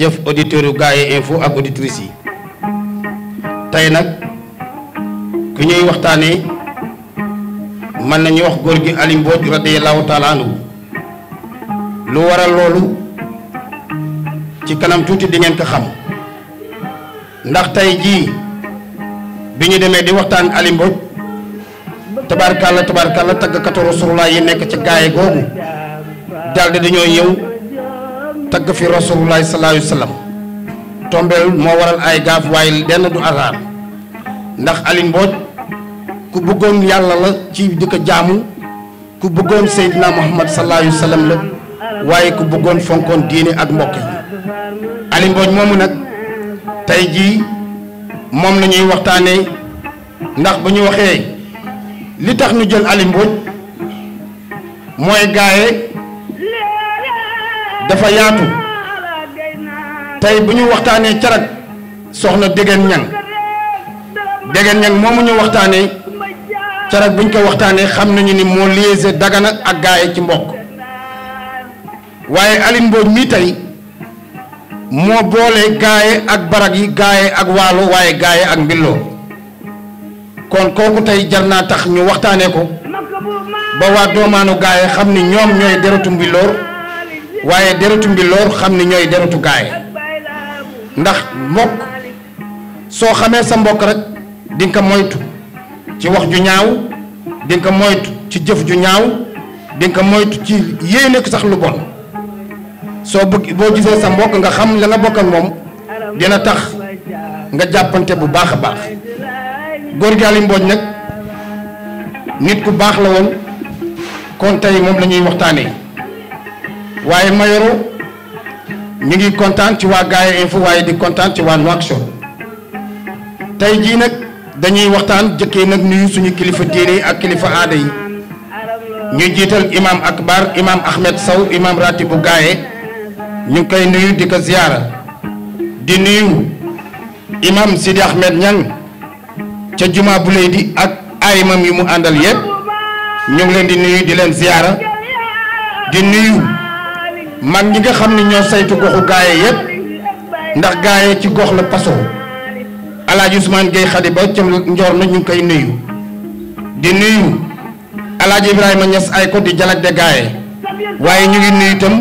jëf ya, auditeur oh, yu gaay Info eh, ak auditrice yi tay nak ku ñuy waxtane man nañu wax gor gi Ali Mbodj radiyallahu taala nu lu waral lolu ci kanam tuti di ngeen ko xam ndax tay ji bi ñu di waxtaan bo tabarakallah tabarakallah tag katoro Rasulullah yi nek ci gaay dal di ñoy tagg fi rasulullahi sallallahu alayhi wa sallam tombeel moo waral ay gaaf waaye lenn du hasard ndax Aliou Mbodj ku bëggoon yàlla la ci di ko jaamu ku bëggoon Seydina Muhammad salaayu alayhi wa la waaye ku bëggoon fonkoon diine ak mbokk yi Aliou Mbodj moomu nag tey jii moom la ñuy waxtaanee ndax ba ñu waxee li tax ñu jël Aliou mooy gaaye dafa yaatu tey bu ñu waxtaanee carag soxna Dégène ñang Dégène ñang moomu ñu waxtaanee carag buñ ko waxtaanee xam nañu ni moo liaisé Dagana ak gaaye ci mbokk waaye Aline Mbodj mii tey moo boole gaaye ak barag yi gaaye ak waalo waaye gaaye ak mbilloo kon kooku tey jar tax ñu waxtaanee ko ba waa doomaanu gaaye xam ni ñoom ñooy deratu mbilloor waaye deretu mbilor xam ni ñooy deretu gaay ndax mbokk soo xamee sa mbokk rek di nga moytu ci wax ju ñaaw di nga moytu ci jëf ju ñaaw di nga moytu ci yéene ko sax lu bon soo bëgg boo gisee sa mbokk nga xam la nga bokk ak moom dina tax nga jàppante bu baax a baax góor gi mbooj nag nit ku baax la woon kon tey moom lañuy waxtaanee. waaye Mayoro ñu ngi kontaan ci waa Gaya Info waaye di kontaan ci waa Nouakchott tey jii nag dañuy waxtaan jëkkee nag nuyu suñu kilifa diine yi ak kilifa aada yi ñu jiital imam akbar imam Ahmed Sow imam ratibu Gaya ñu ngi koy nuyu di ko ziyaara di nuyu imam Sidi Ahmed Niang ca juma bu lay di ak ay imam yu mu àndal yépp ñu ngi leen di nuyu di leen ziyaara di nuyu man ñi nga xam ne ñoo saytu goxu gaaye yépp ndax gaaye ci gox la paso alaaji Ousmane Gueye Khady Ba ca njoor na ñu koy nuyu di nuyu alaaji Ibrahima Niass ay ko di jalak de gaaye waaye ñu ngi nuyu itam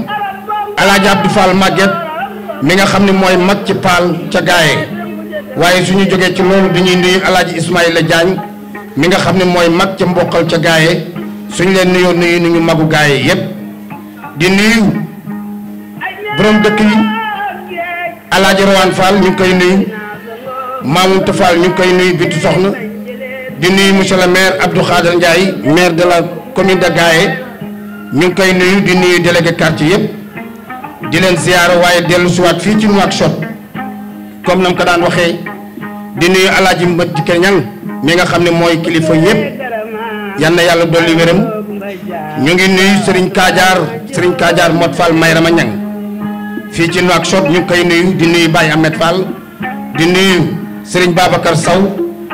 alaaji Abdou Fall Maguette mi nga xam ne mooy mag ci paal ca gaaye waaye suñu jógee ci loolu dañuy nuyu alaaji Ismaïla Diagne mi nga xam ne mooy mag ca mboqal ca gaaye suñu leen nuyoo nuyu nu ñu magu gaaye yépp di nuyu borom dëkk yi alaaji Rawaan Fall ñu ngi koy nuyu Mamoun Tafal ñu ngi koy nuyu Bintu Soxna di nuyu monsieur le maire Abdou Khader Ndiaye maire de la commune Gaye ñu ngi koy nuyu di nuyu délégué quartier yëpp di leen ziyaara waaye dellu fii ci Nouakchott comme nam ko daan waxee di nuyu alaaji Mbët Jikka Ñang mi nga xam ne mooy kilifa yëpp yal na yàlla dolli wéram ñu ngi nuyu Serigne Kadiar Serigne Kadiar Mot Fall a Ñang fii ci Nouakchott ñu koy nuyu di nuyu Baye Ahmed Fall di nuyu sëriñ Babacar Sow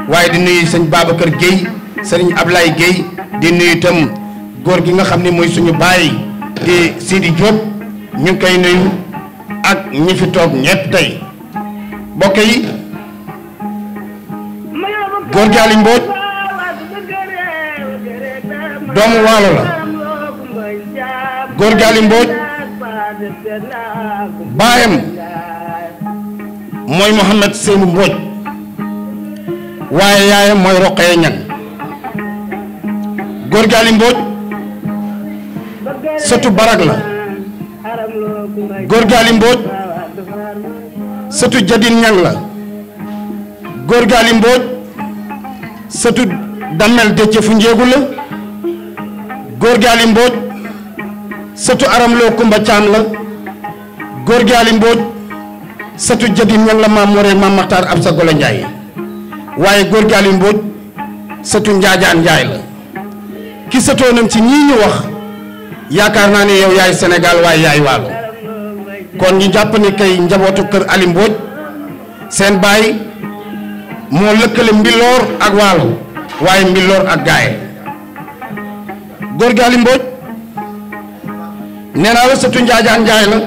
waaye di nuyu sëñ kër Guèye sëriñ Ablaye Guèye di nuyu itam góor gi nga xam ne mooy suñu baay di Sidi Diop ñu koy nuyu ak ñu fi toog ñett tey mbokk yi góor gi Aliou Mbodj doomu waalo la góor gi Aliou Mbodj baayam mooy Mouhamed Seynou Mbodj waaye yaayam mooy Roqee Ñang góor gi Ali sëtu Barak la góor gi Ali Mbodj sëtu Jadin Ñang la góor gi Ali Mbodj sëtu Damel Déthié fu njéegu góor gi Ali sëtu aram loo kumba caam la góor gi Ali Mbóoj sëtu mel ñang la maam Moore maam Maxtaar ab sa golo Njaay waaye góor gi Ali satu sëtu njaajaan Njaay la ki sëtoonam ci ñii ñu wax yaakaar naa ne yow yaay Sénégal waaye yaay waalo kon ñu jàpp ni kay njabootu kër Ali seen baay moo lëkkale mbiloor ak waalo waaye mbiloor ak gaaye góor gi Ali nee naa la sëtu Njaajaan Njaay la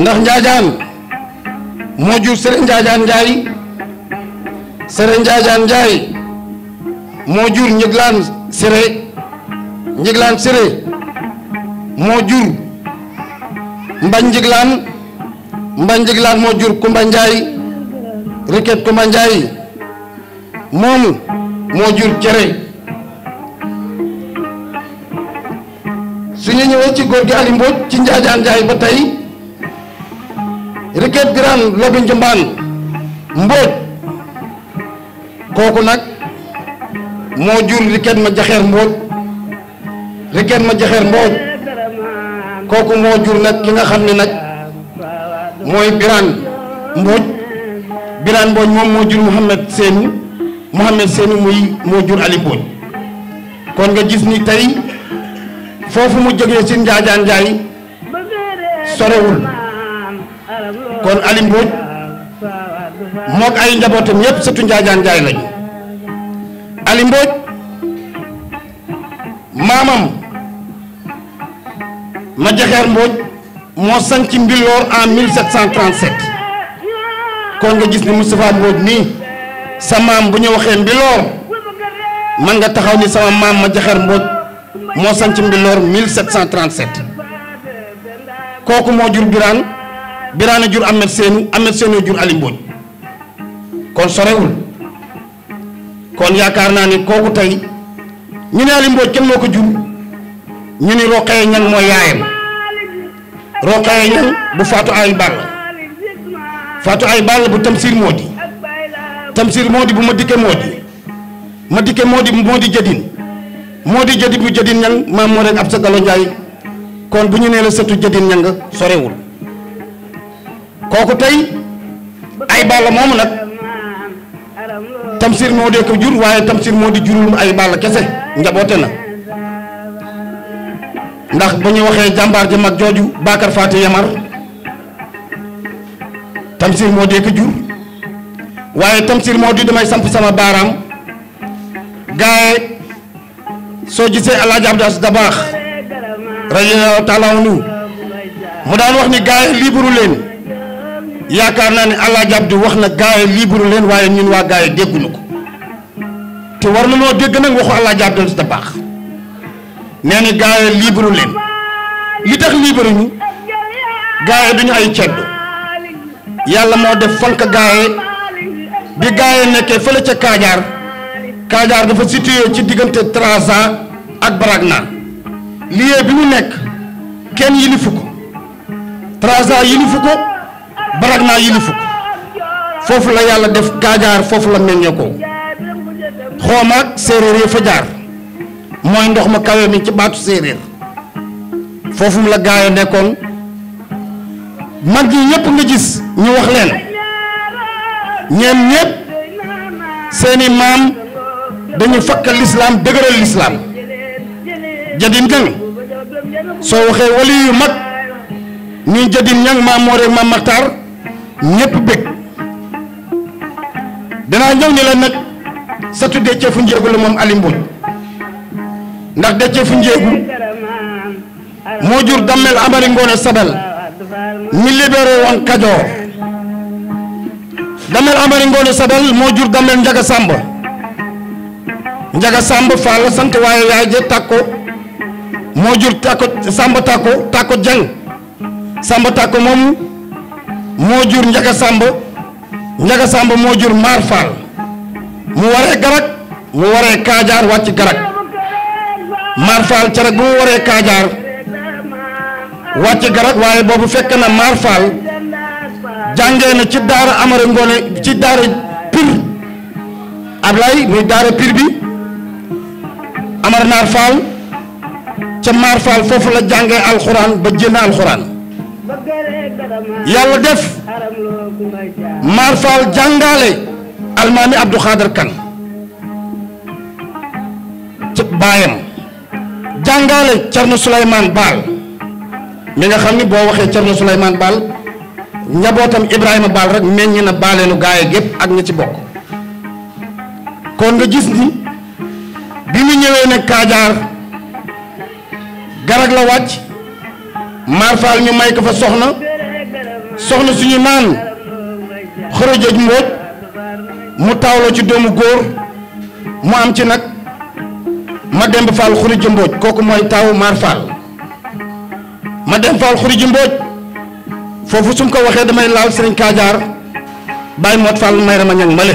ndax Njaajaan moo jur Sëriñ Njaajaan Njaay Sëriñ Njaajaan Njaay moo jur Njëglaan Séré Njëglaan Séré moo jur Mbañ Njëglaan Mbañ Njëglaan moo jur Kumba Njaay Riket Kumba Njaay moomu moo jur Céré suñu ñëwee ci góor gi Ali Mbodj ci Njaajaan Njaay ba tey Riquet Birane Lobi Njambaan Mbodj kooku nag moo jur Riquet ma jaxeer Mbodj Riquet ma jaxeer Mbodj kooku moo jur nag ki nga xam ni nag mooy Birane Mbodj Birane Mbodj moom moo jur Mouhamed Seyni Mouhamed Seyni muy moo jur Ali Mbodj kon nga gis ni tey foofu mu jógee si njaajaan njaay sorewul kon Ali Mbodj moog ay njabootam yépp sëtu njaajaan njaay lañu Ali Mbodj maamam ma jaxeer Mbodj moo sanc Mbilor en 1737 kon nga gis ni Moustapha Mbodj nii sa maam bu ñu waxee Mbilor man nga taxaw ni sama maam ma jaxeer Mbodj moo sanc Mbilor 1737 kooku moo jur Birane Birane jur Ahmed Sénou Ahmed Sénou jur Ali Mbodj kon sorewul kon yaakaar naa ni kooku tey ñu ne Ali Mbodj kenn moo ko jur ñu ni Roqaya Ñang mooy yaayam Roqaya Ñang bu Faatu Ay Ball Faatu Ay Ball bu Tamsir Moodi Tamsir Moodi bu ma dikke Moodi ma dikke Moodi Moodi Jadin modi jadi bu jadi nyang maam moo rek ab sa galo njaay kon bu ñu nee jadi nyang sorewul koku tay ay balla nak tamsir modi ko jur waye tamsir modi di jurul ay balla kese njabote na ndax bu ñu waxee jàmbaar ji mak joju Bakar Faati Yamar tamsir modi ko jur waye tamsir modi damay samp sama barang, gaay soo gisee El Hadj Abdou Aziz Dabakh radiyallaahu taala mu daan wax ni gaay yi libéru leen yaakaar naa ne El Hadj Abdou wax na gaay yi leen waaye ñun waa gaay yi dégguñu ko te war na moo dégg nag waxu El Hadj Abdou Aziz Dabakh nee na gaay yi libéru leen li tax libéru ñu gaay yi duñu ay ceddo yàlla moo def fonk gaay yi bi gaay yi nekkee fële ca Kaajaar. Kaajaar dafa situé ci diggante Trarza ak Baragna lieu bi mu nekk kenn yilifu ko Trarza yilifu ko Baragna yilifu ko foofu la yàlla def Kaajaar foofu la meññee ko xooma séeréer yi fa jaar mooy ndox ma kawe mi ci baatu séeréer foofu la gaaya nekkoon mag yi ñëpp nga gis ñu wax leen ñeen ñëpp seeni maam dañu fakkal lislaam dëgëral lislaam jadin gang soo waxee wali yu mag ñuy jadin ñang maam moore maam maxtaar ñépp bëgg danaa ñëw ni la nag satu deccee fu njéegu la moom Aliou ndax deccee fu njéegu moo jur dammel amari ngoone sabel mi libéré woon kajoor amari ngoone sabel moo jur dammel njaga sàmba Njaga Samba Fall sant waaye yaay je tàkko moo jur tàkko Samba tàkko tàkko Jeng Samba tàkko moom moo jur Njaga sàmb Njaga sàmb moo jur Maar Fall mu waree Garak mu waree Kaajaar wàcc Garak Maar Fall cere bu mu waree Kaajaar wàcc Garak waaye boobu fekk na Maar Fall jàngee na ci daara Amari Ngoone ci daara Pire Ablaye muy daara Pire bi Amar Naar Fall ca Naar Fall foofu la jàngee alxuraan ba jënd alxuraan yàlla def Naar jàngaale almaami Abdou Khader Kan ca baayam jàngaale Thierno Souleymane Baal mi nga xam ni boo waxee Thierno Souleymane Baal njabootam Ibrahima Baal rek meññ na baaleenu gaay gépp ak ñi ci bokk kon nga gis ni. bi mu ñëwee ne Kaajaar garag la wàcc marfaal ñu may ko fa soxna soxna suñu naan xorojoj mbooj mu taawloo ci doomu góor mu am ci nag ma demb faal xorij mbooj kooku mooy taawu marfaal ma dem faal xorij mbooj foofu su mu ko waxee damay laal sëriñ Kaajaar bàyyi moot faal may rama ñag male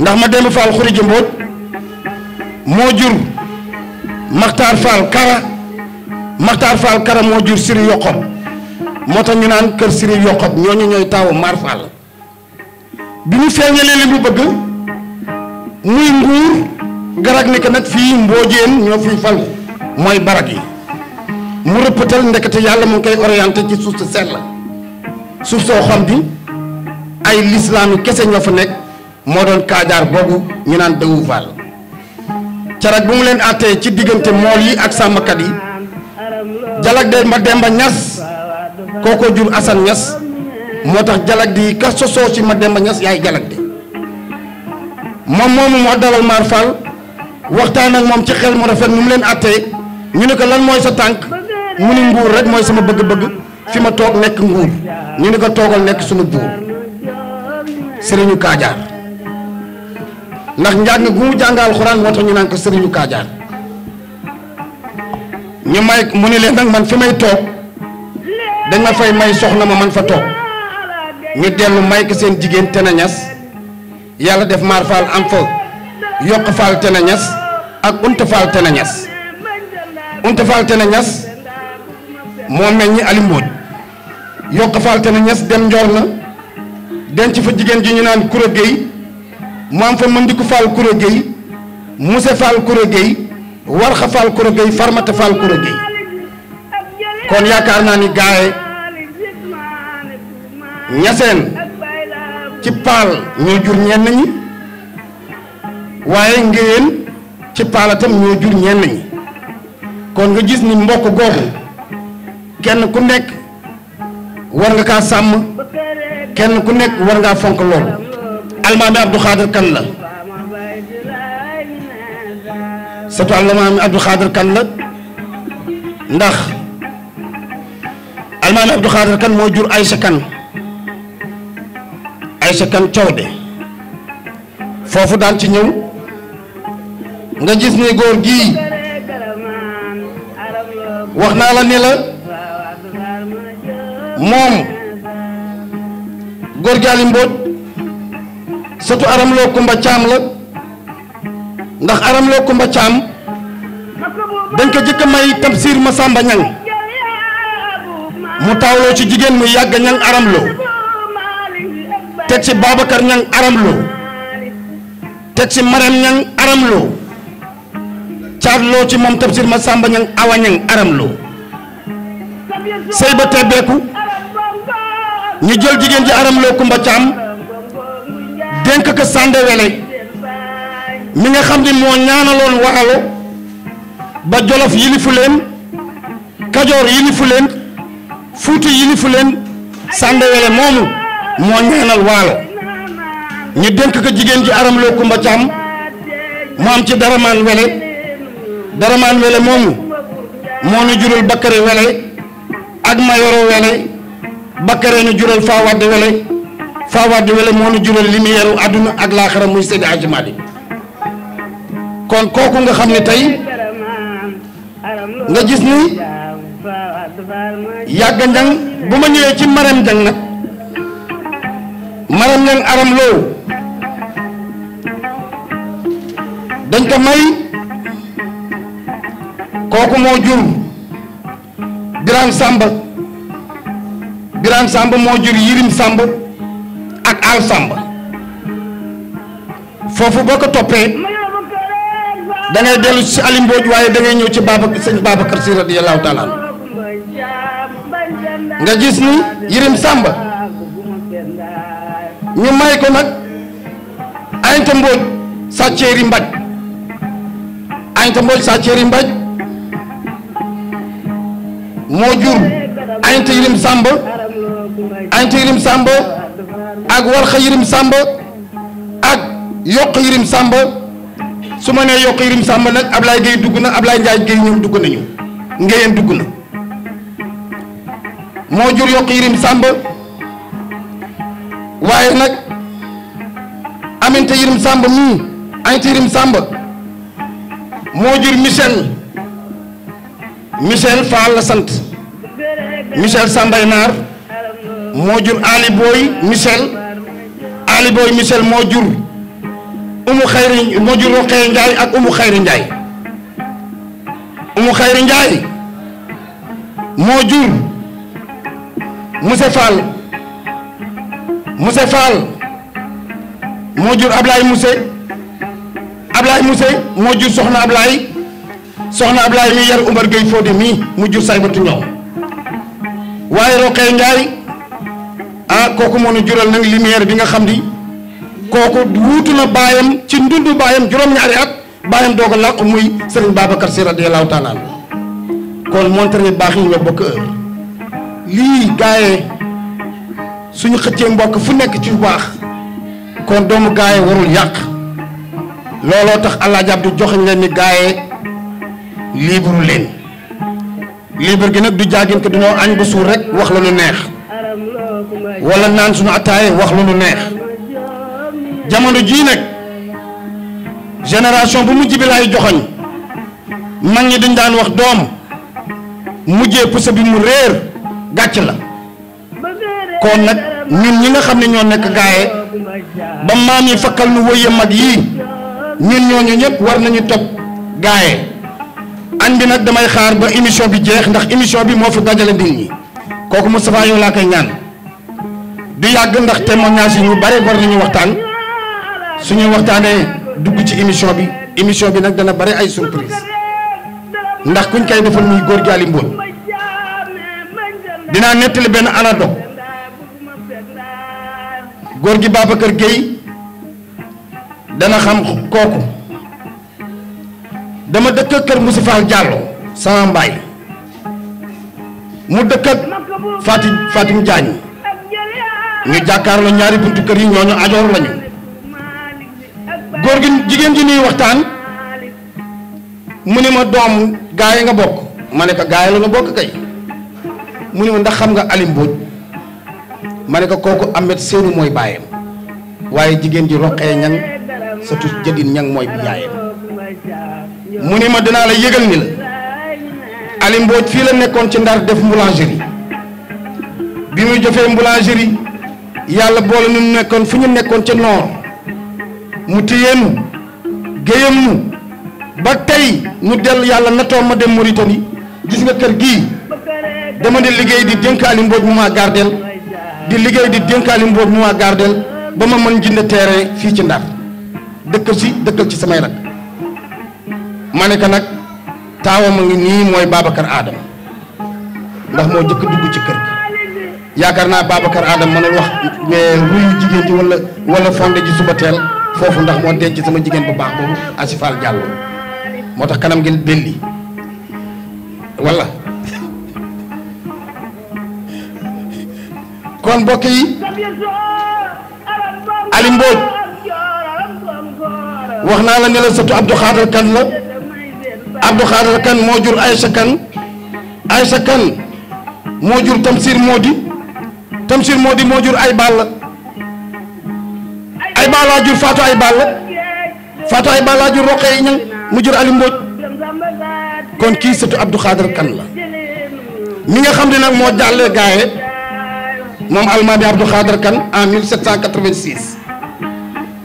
ndax ma demb faal xorij mbooj moo jur Makhtar Fall Kara Makhtar Fall Kara moo jur Siri Yokob moo tax ñu naan kër Siri Yokob ñooñu ñooy taawu Mar Fall bi mu feeñalee li mu bëgg muy nguur garag ni que nag fii mboojeen ñoo fiy fal mooy barag yi mu rëppatal ndekete yàlla mu ngi koy orienté ci suuf si sell suuf soo xam bi ay lislaam yi kese ñoo fa nekk moo doon kaadaar boobu ñu naan dëwu Fall carak bu mu len àttee ci digënté mool yi ak samakat yi jalak de ma demba ñas jur asan ñass motax jalak di ka sosoo ci ma demba yaay jalak de mom mom mo dalal maar Fall waxtaan ak mom ci xel mu rafet nu mu leen àttee ñu ne ko lan moy sa tank mu ni nguur rek moy sama bëgg-bëgg fi ma tok nek nguur ñu ne ko togal nek suñu bu serigne kadiar ndax njàng gu mu jàng alxuraan ñu naan ko sëriñu kaajaan ñu may mu ne leen nag man fi may toog dañ ma fay may soxna ma man fa toog ñu dellu may ko seen jigéen tena ñas yàlla def maar faal am fa yokk faal tena ñas ak unta faal tena ñas unta faal tena ñas moo meññi ali mbóoj yokk faal tena ñas dem njool na denc fa jigéen ji ñu naan kura géy mu am fa Mandiku Fall Koura Gueye Moussa Fall Koura Gueye Warxa Fall Koura Gueye Farmata Fall Koura Gueye kon yaakaar naa ni gaaye ñaseen ci paal ñoo jur ñenn ñi waaye ngeen ci paalatam ñoo jur ñenn ñi kon nga gis ni mbokk googu kenn ku nekk war nga kaa sàmm kenn ku nekk war ngaa fonk loolu almaami Abdou Khadir kan la sëtu almaami Abdou Khadir kan la ndax almaami Abdou Khadir kan moo jur Aysa kan Aysa kan Cawde foofu daan ci ñëw nga gis ni góor gi wax naa la ni la moom góor gi Aliou satu aram lo kumba cham la ndax aram lo kumba cham dañ ko jëk may tamsiir ma samba ñang mu tawlo ci jigen mu yag ñang aram lo. teg ci babakar ñang aram lo, teg ci maram ñang aram lo. caat lo ci mom tafsir ma samba ñang awa aram lo. sey ba tebeku ñu jël jigen ji aram lo kumba cham dénk ko Sandé Wele mi nga xam ne moo ñaanaloon waralu ba jolof yilifu kajoor yilifu fuuti yilifu leen Sandé Wele moomu moo ñaanal waalo ñu dënk ko jigéen ji aram loo kumba caam mu am ci daramaan wele daramaan wele moomu moo ñu jural bakkare wele ak mayoro wele bakkare ñu jural faa wadde wele Fawade Wele moo nu jural li àdduna ak laaxira muy Seydi Hadji Malick kon kooku nga xam ne tey nga gis ni yàgg njang bu ma ñëwee ci Marème Njang nag Marème Njang aram loo dañ ko may kooku moo jur Birame Samba Birame Samba moo jur Yirim Samba ak alsamba fofu boko topé da ngay delu ci Ali Mbodj waye da ngay ñew ci Baba sëñ Babacar si radiyallahu taala nga gis ni Yirim Samba ñu may ko nag Ayta Mbodj sàcceeri mbaj Ayta Mbodj sàcceeri mbaj mo jur Ayta Yirim Samba Ayta Yirim Samba ak warxa yirim sàmba ak yokk yirim sàmba su ma nee yokk yirim sàmba nag Ablaye Gueye dugg na Ablaye Ndiaye Gueye ñoom dugg nañu ngéyeen dugg na moo jur yokk yirim sàmba waaye nag aminte yirim sàmba mii aminte yirim sàmba moo jur Michel Michel Fall la sant Michel Sambay Naar moo jur Ali Boy Ali Boy Michel moo jur umu xayri moo jur Roqee Njaay ak umu xayri Njaay umu xayri Njaay moo jur Moussa Fall Moussa Fall moo jur Ablaye Moussa Ablaye Moussa moo jur Soxna Ablaye Soxna Ablaye mi yar Umar Gueye Fodé mi mu jur Saybatu Ñaw waaye Roqee Njaay Ah, koku mo moo jural nak lumière bi nga xam di koku wuutu na bayam ci ndundu bayam juróom-ñaari at bayam dogo a làqu muy Serigne Babacar sir radiyallahu taala kon montrer bax yi ñoo bokk heure li gaay suñu xëccee mbokk fu nekk ci baax kon doomu gaay warul yaq lolo tax allah jabb du joxañ leen ni gaay libre len libre gi nak du jaagne ko dañu añ bu rek wax la lu neex wala nan suñu attaay wax lu nu neex jamono jii nag génération bu mujj bi laay joxoñ mag ñi dañ daan wax doom mujjee pusa bi mu réer gàcc la kon nag ñun ñi nga xam ne ñoo nekk gaaye ba maam yi fakkal nu wëye mag yii ñun ñooñu ñëpp war nañu topp gaaye an bi damay xaar ba émission bi jeex ndax émission bi moo fi dajale nit ñi kooku Moustapha yow laa koy ñaan du yàgg ndax témoignage yi ñu bare war nañu waxtaan suñuy waxtaanee dugg ci émission bi émission bi nag dana bare ay surprise ndax kuñ koy defal muy góor gi Aliou dinaa nettali benn anado góor gi baaba kër Gueye dana xam kooku dama dëkk ak kër Moustapha Diallo sama mbaay mu dëkk ak Fatim Fatim Diagne ñu la ñaari buntu kër yi ñooñu ajor lañu góor gi jigéen ji ni waxtaan mune ma doom gaay nga bok mané ko gaay la nga bok kay mune ma ndax xam nga Alim bo mané ko koku Amet Seenu moy bayam waye jigen ji ñan sa tu jëdin ñang mooy yaayam mune ne ma dina la yegal ni la Alim bo fii la nekkon ci Ndar def boulangerie bi mu jofee boulangerie yàlla boole nu nekkoon fi ñu nekkoon ca noor mu téyeenu géyam nu ba tey ñu dellu yàlla natoo ma dem Mauritanie gis nga kër gii dama di liggéey di dénkaali mbooj mu maa gardeel di liggéey di dénkaali mbooj mu maa gardeel ba ma mën jënd teere fii ci Ndar dëkkal si dëkkal ci samay rak ma ne ko nag taawam a ngi nii mooy Babacar Adama ndax moo jëkk dugg ci kër yaakaar naa Babacar Adam mënul wax ruyu jigéen ji wala wala fonde ji suba teel foofu ndax moo denc sama jigéen bu baax boobu Asifal Diallo moo tax kanam gi belli wala kon mbokk yi Ali wax naa la ne la sëtu Abdou Khadre Kane la Abdou Khadre moo jur Aïcha Kane Aïcha Kane moo jur Tamsir Modi Tamsir moo di moo jur ay ball ay balla jur Fatou ay ball Fatou ay balla jur Roqee ñang mu jur Ali kon kii sëtu Abdou Khader kan la mi nga xam ne nag moo jàllee gaaye moom almaami Abdou Khader kan en 1786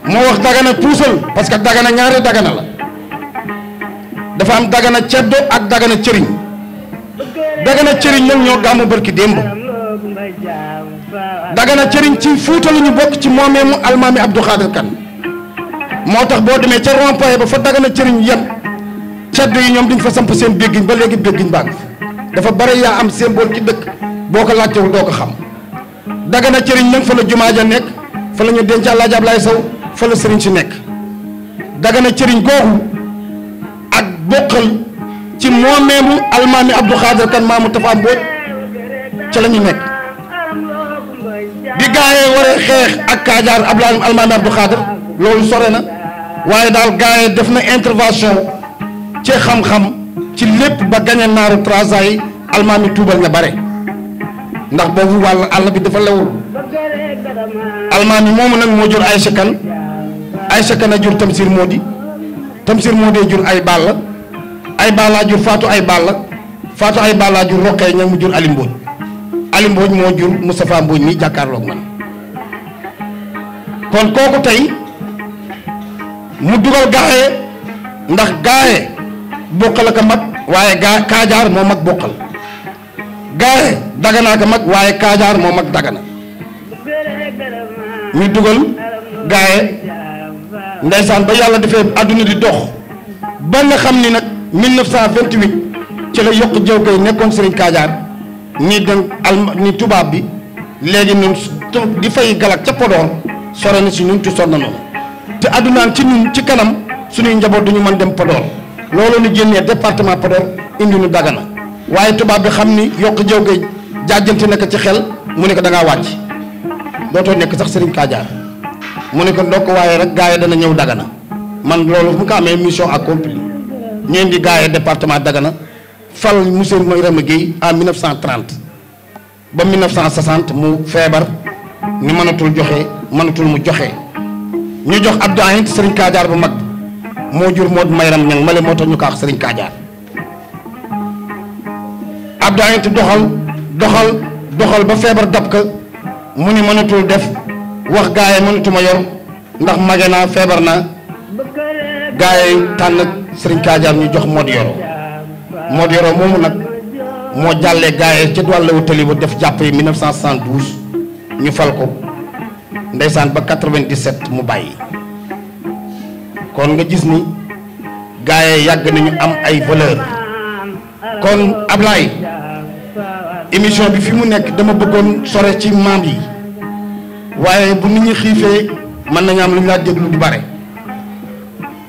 moo wax dagana puusal parce que dagana ñaari dagana la dafa am dagana ceddo ak dagana cëriñ dagana cëriñ ñoom ñoo gàmmu barki démb Dagana cëriñ ci Fuuta lu ñu bokk ci moomeemu almaami Abdou Khadir Kan moo tax boo demee ca rond-point ba fa Dagana cëriñ yem ceddo yi ñoom dañu fa samp seen béggiñ ba léegi béggiñ baa ngi dafa bare yaa am symbole ci dëkk boo ko laajtewul doo ko xam Dagana cëriñ nag fa la jumaa ja nekk fa la ñu denc Alaaji Ablaay Sow fa la sëriñ si nekk Dagana cëriñ googu ak bokkal ci moomeemu almaami Abdou Khadir Kan maamu Tafa Mbóot ca la ñu nekk gaay waré xex ak Kaajaar Abdoulaye Almaami Abdou Khader lolou soré na waye dal gaay def na intervention ci xam-xam ci lepp ba gagné naaru trasa yi almaami tuubal ña bare ndax bofu wal allah bi dafa lewul almaami mom nak mo jur aïcha kan aïcha kan jur tamsir modi tamsir modi jur ay balla ay balla jur fatou ay balla fatou ay balla jur rokay ña jur jur alimbooñ Ali Mbodj mo jur Moustapha Mbodj mi jakarlo man kon koku tay mu dugal gaaye ndax gaaye bokal ka a waye waaye mo mak bokal gaaye dagana ka mak waye waaye dagana mi dugal gaaye ndaysan ba yalla defé aduna di dox ba nga xamni nak 1928 ci la yok jëw kay nekkon Serigne Kadiar ni dem alma ni tubaab bi léegi ñun di fay galak ca Podor sore na si ñun ci sonn noonu te addunaan ci ñun ci kanam suñuy njaboot duñu mën dem Podor loolu ñu génnee département Podor indi ñu Dagana waaye tubaab bi xam ni yokk jëw gay jaajante na ci xel mu nekk ko da ngaa wàcc dootoo nekk sax Serigne Kadiar mu ne ko ndokk waaye rek gaa yi dana ñëw Dagana man loolu bu ko amee mission accomplie ñeen di gaa yi département Dagana fal monsieur Ibrahima Guèye en 1930 ba 1960 mu feebar ni mënatul joxe mënatul mu joxe ñu jox Abdou Ahad Serigne Kadiar bu mag moo jur Modou Mayram Niang male moo tax ñu ko wax Serigne Kadiar Abdou Ahad doxal doxal doxal ba feebar dab mu ni mënatul def wax gaay yi mënatuma yor ndax mage naa feebar naa gaay yi tànn Serigne Kadiar ñu jox Modou yoro Modero momu nak mo jalle gaay ca wàllu teli bu def japp yi 1972 ñu fal ko ndaysan ba 97 mu bayyi kon nga gis ni gaay yàgg nañu am ay voleur kon ablay émission bi fi mu nek dama bëggoon sore ci mam yi waye bu nit ñi xifé man nañu am lu la dégg lu du bare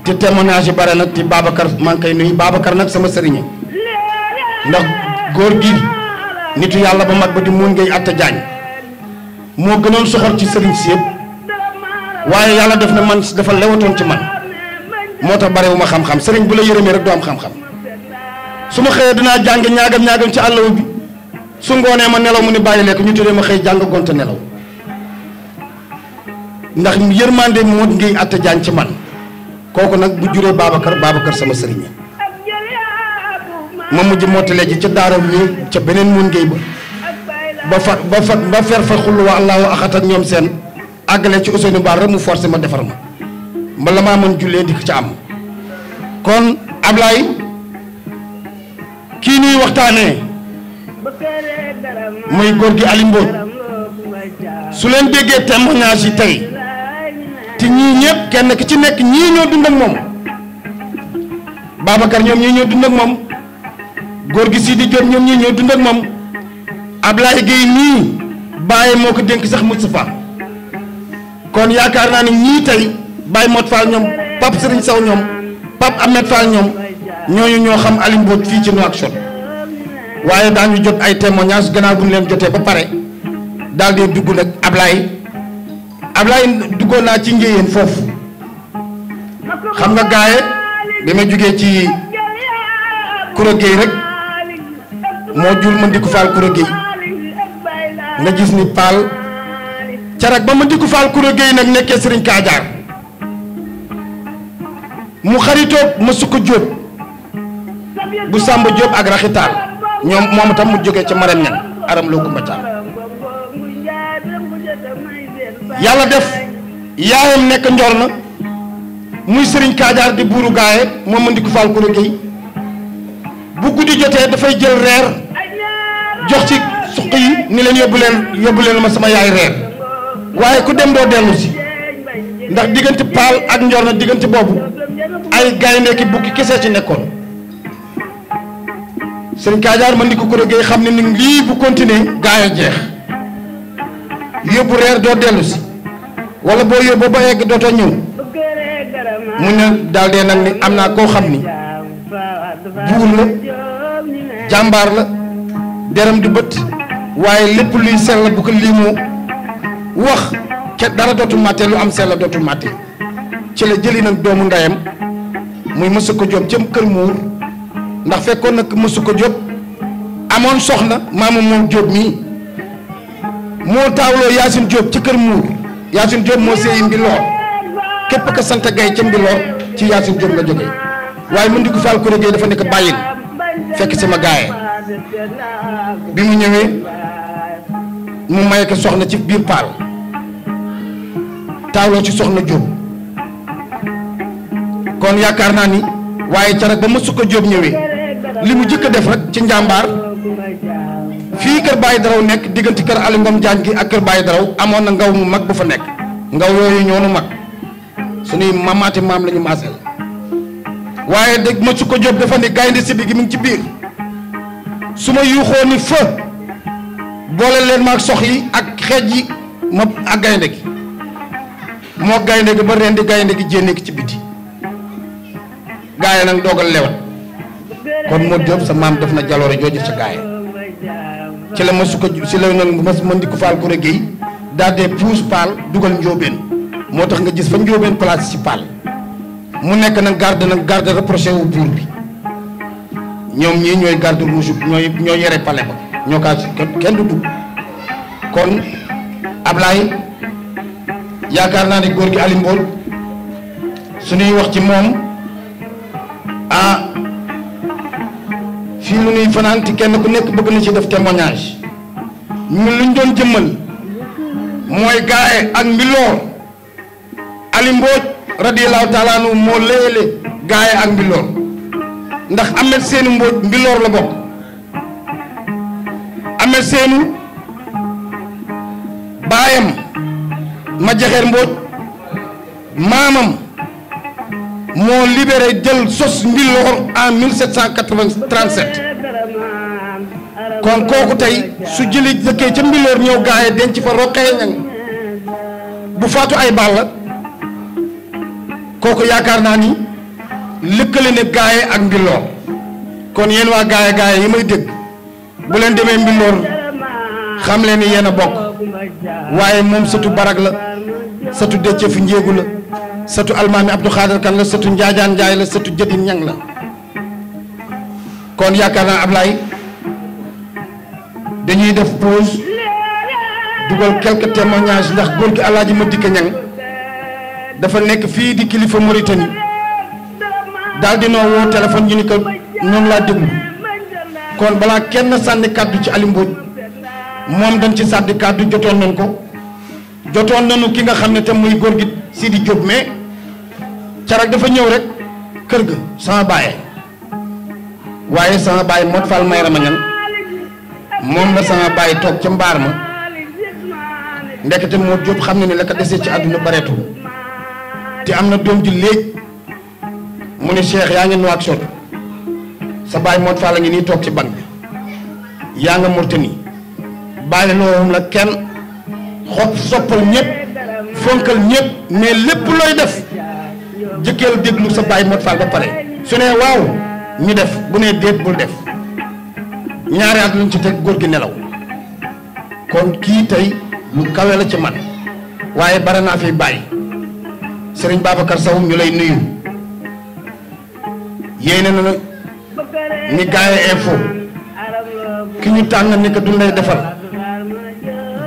té témoignage yi bare nag ci babakar man kay nuyu Babacar sama sëriñ ndax góor gi nitu yàlla ba mag ba di mun ngay atta jaañ moo gënoon soxor ci sëriñ si yëpp waaye yàlla def na man dafa lewatoon ci man moo tax barewu ma xam-xam sëriñ bu la yërëmee rek doo am xam-xam su ma xëyee dinaa jàng ñaagam ñaagam ci àllaw bi su ngoonee ma nelaw mu ni bàyyi lekk ñu tëddee ma xëy jàng gonta nelaw ndax yërmande moo ngay atta jaañ ci man kooku nag bu juree Babacar Babacar sama sëriñ ma mujj mottale ji ca daaram ñi ca beneen mun ngéy ba ba fa ba fa ba fer fa xulluwa allahu axat ak ñoom seen àggale ci Ousseynou Ba rek mu forcé ma defar ma ma la maa jullee dikk ca am kon Ablaye kii nuy waxtaanee muy góor gi Aliou su leen déggee témoignage yi tey te ñii ñëpp kenn ki ci nekk ñii ñoo dund ak moom Babacar ñoom ñii ñoo dund ak moom góor gi Sidi Diop ñoom ñii ñëw dund ak moom Ablaye Gueye nii Baye moo ko dénk sax Moustapha kon yaakaar naa ne ñii tey Baye Mot Fall ñoom Pape Serigne Sow ñoom Pape Ahmed Fall ñoom ñooñu ñoo xam Alim Mbodj fii ci Nouakchott waaye daañu jot ay témoignages gannaaw bu ñu leen jotee ba pare daal dugg nag Ablaye Ablaye duggoon naa ci njëyeen foofu xam nga gaaye bi ma jugee ci kuréel rek. moo jur ma ndikku faal kura géey nga gis ni paal carak ba ma ndikku faal kura géey nag nekkee sëriñ kaajaar mu xaritoog ma sukk jóob bu sàmba jóob ak raxitaal ñoom moom itam mu jógee ca maram ñan aram loo kumba caam yàlla def yaayam nekk njool na muy sëriñ kaajaar di buuru gaaye moom ma ndikku faal kura géey bu guddi jotee dafay jël reer jox ci suq yi ni len yobul len yobul len ma sama yaay reer waye ku dem do delu ndak ndax digeenti pal ak ndorna digeenti bobu ay gaay ki buki kesse ci nekkoon sëñ Kaajaar man diko ko kuréel xamni ni li bu continuer gaay a jeex yobul reer do delu ci wala bo yobbo ba egg dootoo ñew mu ne dal de nak ni amna ko xamni xam la jambar la deram di beut waye lepp luy sel bu ko limu wax ke dara dotu maté lu am sel dotu maté ci la jëli nak doomu ndayam muy mësu ko job ci kër muur ndax fekkon nak mësu ko job amoon soxna mamu mom job mi mo tawlo yaasin job ci kër muur job mo sey mbi mbiloor kep ka sante gay mbi mbiloor ci yaasin job la jóge waye mën di ko ko rege dafa nek bayil fekk sama gaay bi mu ñëwé mu may ko soxna ci biir paal tawlo ci soxna kon yaakaar naa ni waaye ci rek ba ma suko jóob ñëwé limu jëk def rek ci njambar fi kër Baye Daraw nek digënt kër Ali Ngom Jaañ gi ak kër Baye Daraw mu mag bu fa nek ngaw yoyu ñono mag suñu mamati mam lañu ñu waye waaye ma suko jóob dafa ni gaynde sibi gi mu ci biir suma ma yuuxoo ni fa boole leen maag sox ak xej yi ma ak gaynde gi mo gaynde gi ba rendi gaynde gi jénne ci biti gaay nak dogal lewat kon mo Diop sa mam def na jaloro jooju ci gaay ci la ma su ko ci la nag mas ma ndikku faal ko reggey daal dee puus pal dugal njóobeen motax nga gis fa njóobeen place ci pal mu nek nag garde nag garde rapproché wu buur bi ñom ñi ñoy garde rouge ñoy ñoy yore palais ba ñoo kenn du kon ablay yaakar na ni gor gui ali mbol suñuy wax ci mom a ah, fi lu ñuy fanaan kenn ku nekk bëgg na ci def témoignage ñu luñ doon jëmmal moy gaay ak mbiloor ali mbol radiyallahu taala nu mo lele gaay ak ndax Ahmed Seyni Mbodj Mbilor la bokk Ahmed Seyni baayam ma jaxeer Mbodj maamam moo libéré jël sos Mbilor en 1737 kon kooku tey su jëli dëkkee ca Mbilor ñëw gaaye denc fa roqee ñang bu faatu ay bàll kooku yaakaar naa ni lëkkale ne gaaye ak mbilloor kon yéen waa gaaye gaaye yi may dégg bu leen demee mbilloor xam leen ni yéen a bokk waaye moom sëtu barak la sëtu dëcce njéegu la sëtu almaami Abdou Khader kan la sëtu njaajaan njaay la sëtu jëdin ñang la kon yaakaar naa Ablaye dañuy def pause dugal quelques témoignages ndax góor gi alaaji ma dikk ñang dafa nekk fii di kilifa Mauritanie daal noo woo téléphone ñu ni kër noonu laa déglu kon balaa kenn sànni kàddu ci Aliou moom dañ ci sànni kàddu jotoon nañ ko jotoon nañu ki nga xam ne tam muy góor gi Sidi Diop mais carak dafa ñëw rek kër ga sama bàyyee waaye sama bàyyi Modou Fall may ramañan moom la sama bàyyi toog ca mbaar ma ndekete Modou Diop xam ne ni la ko desee ci àdduna bareetul te am na doom ji léegi mu ni Cheikh no ak sot sa bay Modou fa la ngi ni tok ci ban bi yaa bay Mauritanie bàyyi loolu la ken xop sopal ñëpp fonkal ñëpp ne lepp loy def jikel deglu sa bay Modou fa ba pare su ne waw ñu def bu ne deet bul def ñaari at luñ ci tek gor gi nelaw kon ki tay lu kawela ci man waye barana fi bay Serigne babakar sawum ñu lay nuyu yéene na ni Gaya Info ki ñu tànn ni ko duñ lay defal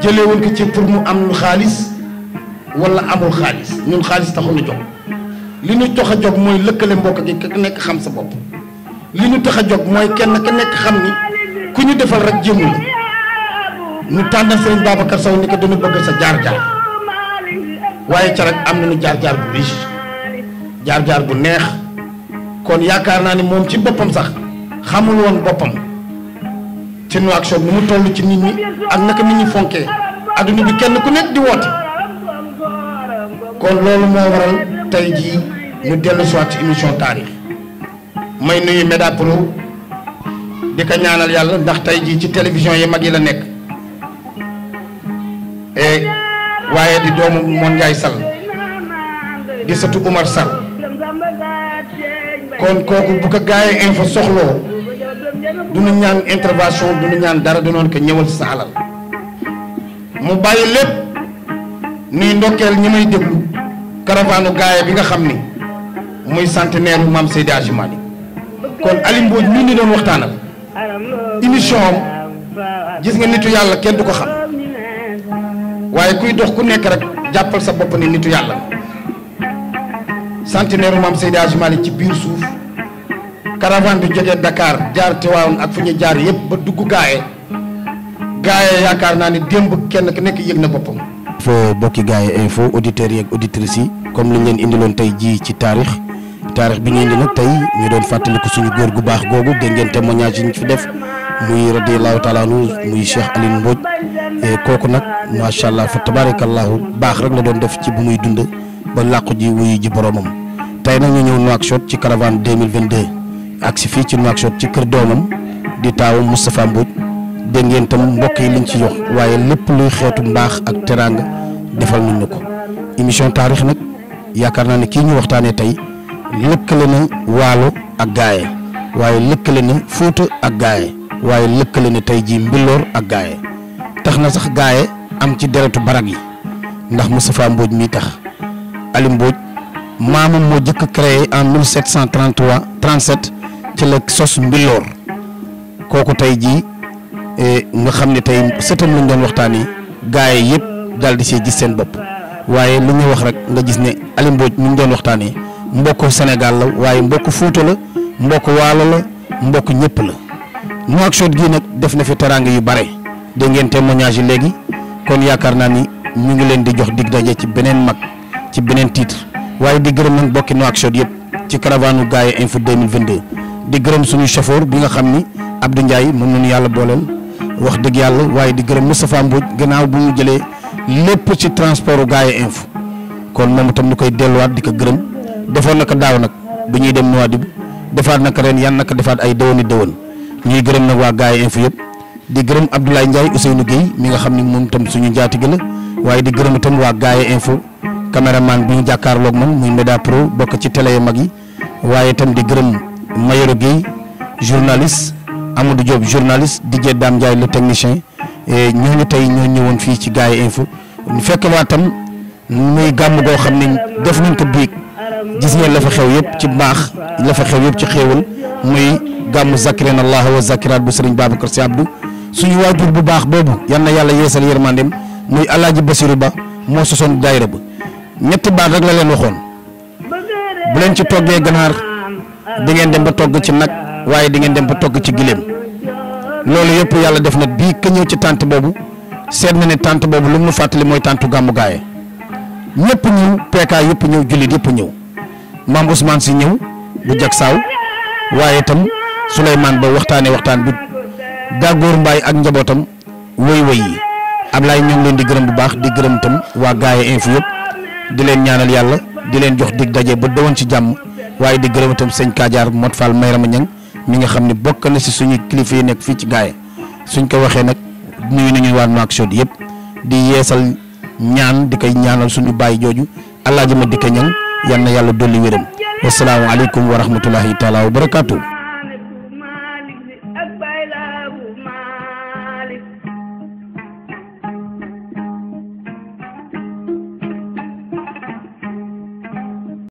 jëlewuñ ko ci pour mu am xaalis wala amul xaalis ñun xaalis taxuñu jóg li ñu jox a jóg mooy lëkkale mbokk gi ku xam sa bopp li ñu tax a jóg mooy kenn ku nekk xam ni ku ñu defal rek jéemu la ñu tànn Serigne Babacar Sow ni ko dañu bëgg sa jaar-jaar waaye ca rek am nañu jaar-jaar bu riche jaar-jaar bu neex. kon yaakaar naa ni moom ci boppam sax xamul woon boppam ci Nouakchott nu mu toll ci nit ñi ak naka mi ñi fonkee adduna bi kenn ku nekk di woote kon loolu moo waral tey jii ñu dellu siwaat ci émission taarix may nuyu Média Pro di ko ñaanal yàlla ndax tey jii ci télévision yi mag yi la nekk e waaye di doomu Moon Njaay Sall di sëtu Umar Sall kon koku bu ko gaay info soxloo duna ñaan intervention duna ñaan dara du noon ko ñewal sa alal mu baye lepp ni ndokel ñi may déglu caravane gaay bi nga xamni muy centenaire mam maam Seydi Hadji Malick kon ali mbo ñu ni doon waxtaanal émission gis nga nitu yalla kenn du ko xam waye kuy dox ku nekk rek jappal sa bop ni nitu yalla centenaire maam Seydi Hadji ci biir suuf caravane bi jógee Dakar jaar Tivaouane ak fu ñu jaar yëpp ba dugg gaaye gaaye yaakaar naa ne démb kenn ki nekk yëg na boppam. foo bokki gaaye info auditeurs yeeg auditrices yi comme liñ leen indiloon tey jii ci taarix taarix bi ñu indi nag tey ñu doon fàttaliku suñu géer gu baax googu dégg ngeen témoignage yi ñu fi def muy radiyallahu taala anhu muy Cheikh Alioune Mbodj kooku nag macha allah fa tabarakallahu baax rek la doon def ci bu muy dund. ba làqu ji wuyu ji boromam tey nag ñu ñëw Nouakchott ci caravane 2022 ak si fii ci Nouakchott ci kër doomam di taawu Moustapha Mbodj dégg ngeen tam mbokk yi liñ ci jox waaye lépp luy xeetu mbaax ak teraanga defal nañ ñu ko émission taarix nag yaakaar naa ni kii ñu waxtaanee tey lëkkale na waalo ak gaaye waaye lëkkale na Fuuta ak gaaye waaye lëkkale na tey jii Mbilor ak gaaye tax na sax gaaye am ci deretu barag yi ndax Moustapha Mbodj mi tax Aly Mbodj maamam moo jëkk créer en 1733 37 ci la sos Mbilor kooku tey jii eh, nga xam ne tey sëtam lañ doon waxtaan yi gars yi yëpp daal di see gis seen bopp waaye lu ñu wax rek nga gis ne Aly Mbodj mi ñu doon waxtaan yi mbokk Sénégal la waaye mbokk Fuuta la mbokk Waalo la mbokk ñëpp la Nouakchott gii nag def na fi teraanga yu bare dégg ngeen témoignage yi léegi kon yaakaar naa ni ñu ngi leen di jox dig daje ci beneen mag ci beneen titre waaye di gërëm nag bokki Nouakchott yëpp ci caravane Gaaya Infos di gërëm suñu chauffeur bi nga xam ni Abdou Ndiaye moom nañu yàlla booleel wax dëgg yàlla waaye di gërëm Moustapha Mbodj gannaaw bu mu jëlee lépp ci transport u Gaaya Infos kon moom itam ñu koy delluwaat di ko gërëm defoon na ko daaw nag bu ñuy dem Nouadhibou defaat na ko ren yan na ko defaat ay dëwëni dëwën ñuy gërëm nag waa Gaaya Infos yëpp di gërëm Abdoulaye Ndiaye Ousseynou Guèye mi nga xam ni moom itam suñu njaatige caméraman bi ñu jàkkaarloog man muy Média Pro bokk ci télé yu mag yi waaye itam di gërëm Mayoro Guèye journaliste di Diop journaliste Didier Dame Ndiaye le technicien ñu tey ñoo ñëwoon fii ci Gaya Info fekk waa tam muy gàmm goo xam ne def nañ ko biig gis ngeen la fa xew yëpp ci baax la fa xew yëpp ci xéewal muy gàmmu zakirin allah wa zakiraat bu sëriñ Babacar Sy Abdou suñu waajur bu baax boobu yal na yàlla yeesal yërmandeem muy alaaji Basiru Ba moo sosoon daayira ba ñetti baat rek la leen waxoon bu leen ci toggee ganaar di ngeen dem ba togg ci nak waye di ngeen dem ba togg ci gilem loolu yëpp yalla def na bi ke ñew ci tante bobu seen na ni tante bobu lu mu fatali moy tante gamu gaay ñepp ñu PK yëpp ñew jullit yëpp ñew mam Ousmane si ñew bu jak saw waye tam Souleymane ba waxtane waxtaan bi Dagor mbay ak njabotam wëy wëy ablay ñu ngi leen di gërëm bu baax di gërëm itam waa gaaye info yëpp. di leen ñaanal yàlla di leen jox dig daje ba doon ci jàmm waaye di gërëm itam sëñ Kadiar Mot Fall Mayrama Ñang mi nga xam ne bokk na si suñu kilifa yi nekk fii ci gaaye suñ ko waxee nag nuy nañu waa Nouakchott yëpp di yeesal ñaan di koy ñaanal suñu bàyyi jooju Alaaji Madické Ñang yal na yàlla dolli wéram wasalaamu aleykum wa rahmatullahi taala wa barakaatu.